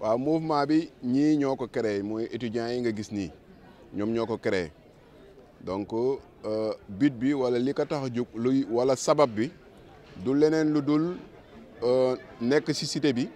waaw mouvement bi ñii ñoo ko créé mooy étudiants yi nga gis nii ñoom ñoo ko créé donc euh, bit bi wala li ko tax a jóg luy wala sabab bi du leneen lu dul euh, nekk ci cité bi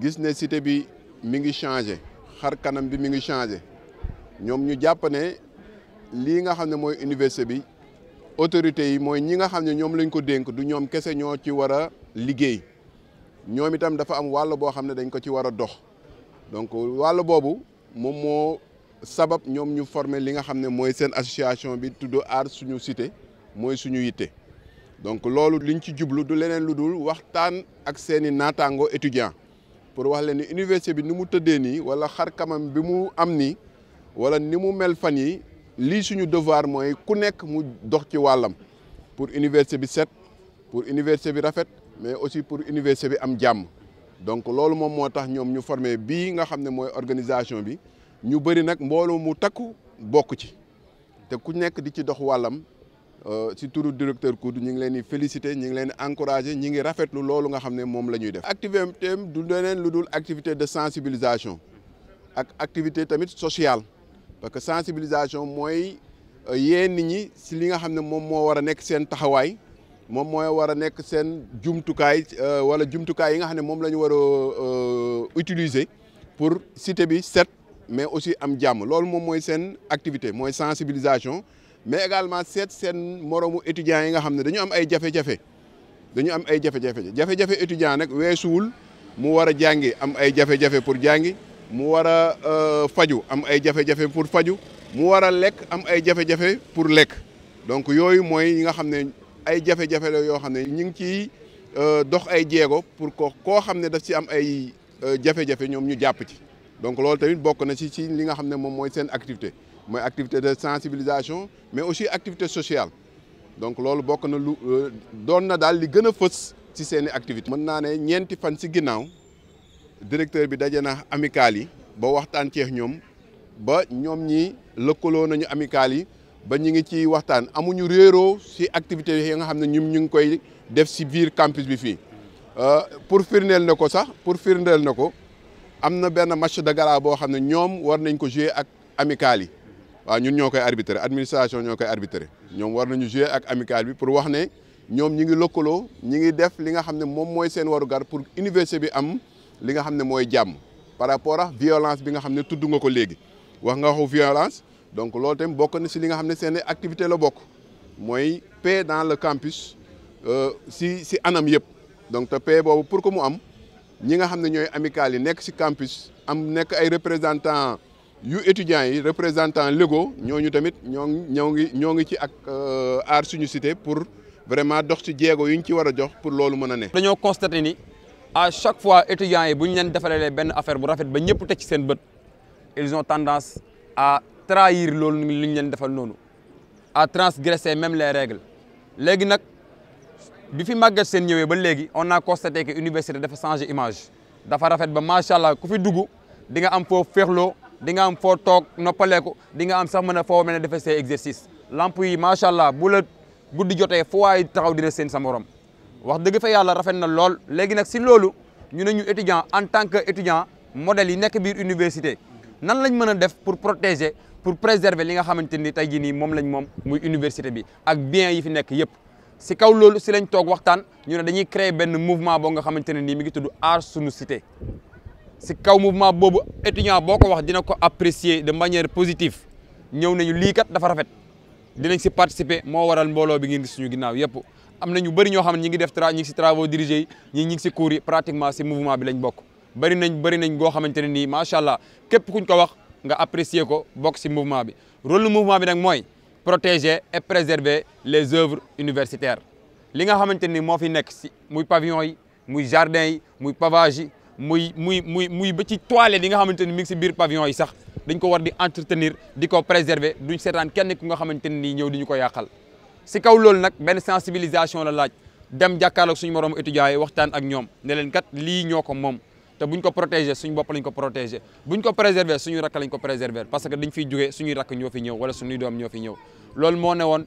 gis ne cité bi mi ngi changé xar kanam bi mu ngi changé ñoom ñu jàpp ne lii nga xam ne mooy université bi autorités yi mooy ñi nga xam ne ñoom lañ ko dénk du ñoom kese ñoo ci war a liggéey ñoom itam dafa am wàll boo xam ne dañ ko ci war a dox donc wàll boobu moom moo sabab ñoom ñu former li nga xam ne mooy seen association bi tudd aar suñu cité mooy suñu yitte donc loolu liñ ci jublu du leneen lu dul waxtaan ak seeni naataango étudiant pour wax leen ni université bi ni mu tëddee nii wala xar kanam bi mu am nii wala ni mu mel fan yi lii suñu devoir mooy ku nekk mu dox ci wàllam pour université bi set pour université bi rafet mais aussi pour université bi am jàmm donc loolu moom moo tax ñoom ñu formé bii nga xam ne mooy organisation bi ñu bëri nag mbooloo mu takku bokk ci te ku nekk di ci dox wàllam Euh, ci turu directeur COUD ñu ngi leen di féliciter ñu ngi leen di encourager ñu ngi rafetlu loolu nga xam ne moom lañuy ñuy def. activité du leneen lu dul activité de sensibilisation ak activité tamit social parce que sensibilisation mooy euh, yee nit ñi si li nga xam ne moom moo war a nekk seen taxawaay moom mooy war a nekk seen jumtukaay euh, wala jumtukaay yi nga xam ne moom la ñu war a utiliser pour cité bi set mais aussi am jàmm loolu moom mooy seen activité mooy sensibilisation. mais également seet seen moromu étudiants yi nga xam ne dañu am ay jafe-jafe dañu am ay jafe-jafe jafe-jafe nag weesuwul mu war a jàngi am ay jafe pour jàngi mu war a euh, faju am ay jafe pour faju mu war a lekk am ay jafe-jafe pour lekk donc yooyu mooy yi nga xam ne ay jafe-jafe la yoo xam ne ñu ngi ciy euh, dox ay jéego pour ko koo xam ne daf ci am ay euh, jafe-jafe ñoom ñu jàpp ci donc loolu tamit bokk na ci ci li nga xam ne moom mooy seen activité mooy activité de sensibilisation mais aussi activité sociale donc loolu bokk na lu euh, doon na daal li gën a fës si seen i activité mën naa ne ñeenti fan si ginnaaw directeur bi daje na amicale yi ba waxtaan ceex ñoom ba ñoom ñi lëkkaloo nañu amicale yi ba ñu ngi ci waxtaan amuñu réeroo si activité yi nga xam ne ñun ñu ngi koy def si biir campus bi fii euh, pour firndeel ne ko sax pour firndeel na ko am na benn match de gala boo xam ne ñoom war nañ ko jouer ak amicale yi waaw ñun ñoo koy arbitré administration ñoo koy arbitré ñoom war nañu jouer ak amical bi pour wax ne ñoom ñi ngi lëkkaloo ñi ngi def li nga xam ne moom mooy seen warugar pour université bi am li nga xam ne mooy jàmm par rapport ak violence bi nga xam ne tudd nga ko léegi wax nga waxu violence donc loolu tamit bokk na si li nga xam ne seen activité la bokk mooy paix dans le campus euh, si si anam yëpp donc te paix boobu pour que mu am ñi nga xam ne ñooy amical yi nekk si campus am nekk ay représentants yu étudiants yi représentant légaux ñooñu tamit ñoo ñoo ngi ñoo ngi ci ak euh, aar suñu cité pour vraiment dox ci jéego yu ñu ci war a jox pour loolu mën a ne. dañoo constaté ni à chaque fois étudiants yi bu ñu leen defalee benn affaire bu rafet ba ñëpp teg ci seen bët ils ont tendance à trahir loolu lu ñu leen defal noonu à transgresser même les règles léegi nag bi fi màggat seen ñëwee ba léegi on a constaté que université dafa changé image dafa rafet ba macha allah ku fi dugg di nga am foofu di nga am foo toog noppaleeku di nga am sax mën a foo mën a defee say exercice lamp yi macha allah bu la guddi jotee fu waay taxaw dina seen sa morom wax dëgg fa yàlla rafet na lool léegi nag si loolu ñu ne ñu étudiant en tant que étudiant modèle yi nekk biir université nan lañ mën a def pour protéger pour préserver li nga xamante ni tey jii nii moom lañ moom muy université bi ak bien yi fi nekk yëpp si kaw loolu si lañ toog waxtaan ñu ne dañuy créer benn mouvement boo nga xamante ne nii mi ngi tudd aar sunu cité si kaw mouvement boobu étudiant boo ko wax dina ko apprécier de manière positive ñëw nañu lii kat dafa rafet dinañ si participer moo waral mbooloo bi ngeen gis suñu ginnaaw yëpp am na ñu bëri ñoo xam ne ñi ngi def tra si travaux dirigés yi ñi ngi si cours yi pratiquement si mouvement bi lañ bokk nañ bëri nañ goo xamante ne nii macha allah képp kuñ ko wax nga apprécier ko bokk si mouvement bi rôle mouvement bi nag mooy protéger et préserver les œuvres universitaires li nga xamante ni moo fi nekk si muy pavillon yi muy jardin yi muy pavage yi muy muy muy muy ba ci toilette yi nga xamante ni mi ngi si biir pavillon yi sax dañ ko war di entretenir di ko préserver duñ seetaan kenn ku nga xamante ni ñëw di ñu ko yàqal si kaw loolu nag benn sensibilisation la laaj dem jàkkaarloog suñu moroom étudiants yi waxtaan ak ñoom ne leen kat lii ñoo ko moom te buñ ko protégé suñu bopp lañ ko protéger buñ ko préserver suñu rakk lañ ko préserver parce que dañ fiy jógee suñu rakk ñoo fi ñëw wala suñuy doom ñoo fi ñëw loolu moo ne woon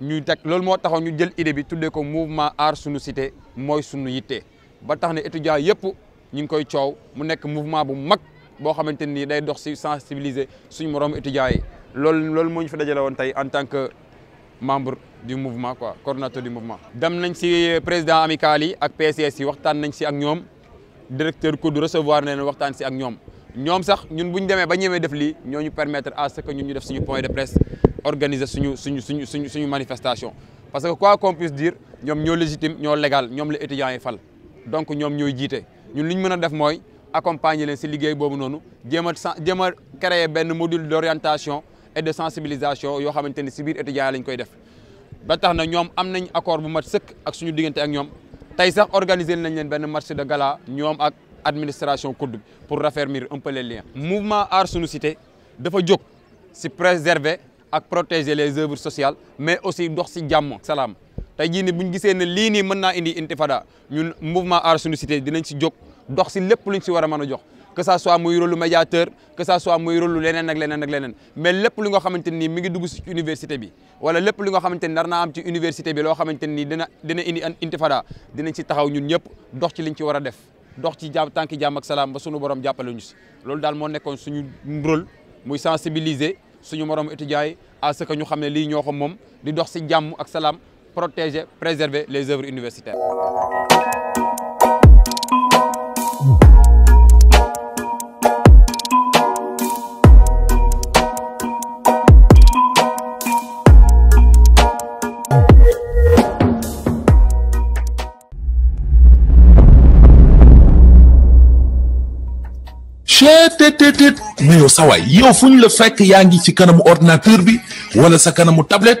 ñu teg loolu moo taxoon ñu jël idée bi tuddee ko mouvement aar suñu cité mooy suñu yitte ba tax ne étudiants yëpp ñu ngi koy coow mu nekk mouvement bu mag boo xamante ni day dox si sensibiliser suñu moroom étudiants yi loolu loolu moo ñu fi dajale woon tey en tant que membre du mouvement quoi cordinateur du mouvement. dem nañ si euh, président amical yi ak PCS yi waxtaan nañ si ak ñoom directeur COUD recevoir nañ waxtaan si ak ñoom ñoom sax ñun bu ñu demee ba ñemee def lii ñoo ñu permetre à ce que ñun ñu def suñu point de presse organiser suñu suñu suñu suñu suñu manifestation. parce que quoi qu'on puisse dire ñoom ñoo légitime ñoo légal ñoom la étudiants yi fal donc ñoom ñooy jiite. ñun li ñu mën a def mooy accompagner leen si liggéey boobu noonu jéem a jéem a créer benn module d' et de sensibilisation yoo xamante ni si biir étudiants lañ koy def ba tax na ñoom am nañ accord bu mat sëkk ak suñu diggante ak ñoom tey sax organiser nañ leen benn marché de gala ñoom ak administration COUD pour raffermir un peu les liens. mouvement Aar Sunu Cité dafa jóg si préserver ak protéger les œuvres sociales mais aussi dox si jàmm salaam. tey jii nii bu ñu gisee ne lii nii mën naa indi intifada ñun mouvement aar sunu cité dinañ si jóg dox si lu ñu si war a mën a jox que ça soit muy rôle médiateur que ça soit muy rôle leneen ak leneen mais lépp lu nga xamante ni mi ngi dugg ci université bi wala lépp lu nga xamante ni nar naa am ci université bi loo xamante ni dina dina indi intifada dinañ si taxaw ñun ñëpp dox ci liñ ci war a def dox ci jàmm tànki jàmm ak salaam ba suñu borom jàppale ñu si loolu daal nekkoon suñu rôle muy sensibiliser suñu moroom étudiants yi à ce que ñu xam ne lii ñoo ko moom di dox si jàmm ak salaam protéger, préserver les œuvres universitaires. chetetetet yow sawaay yow fu ñu la fekk yaa ngi ci kanamu ordinateur bi wala sa kanamu tablet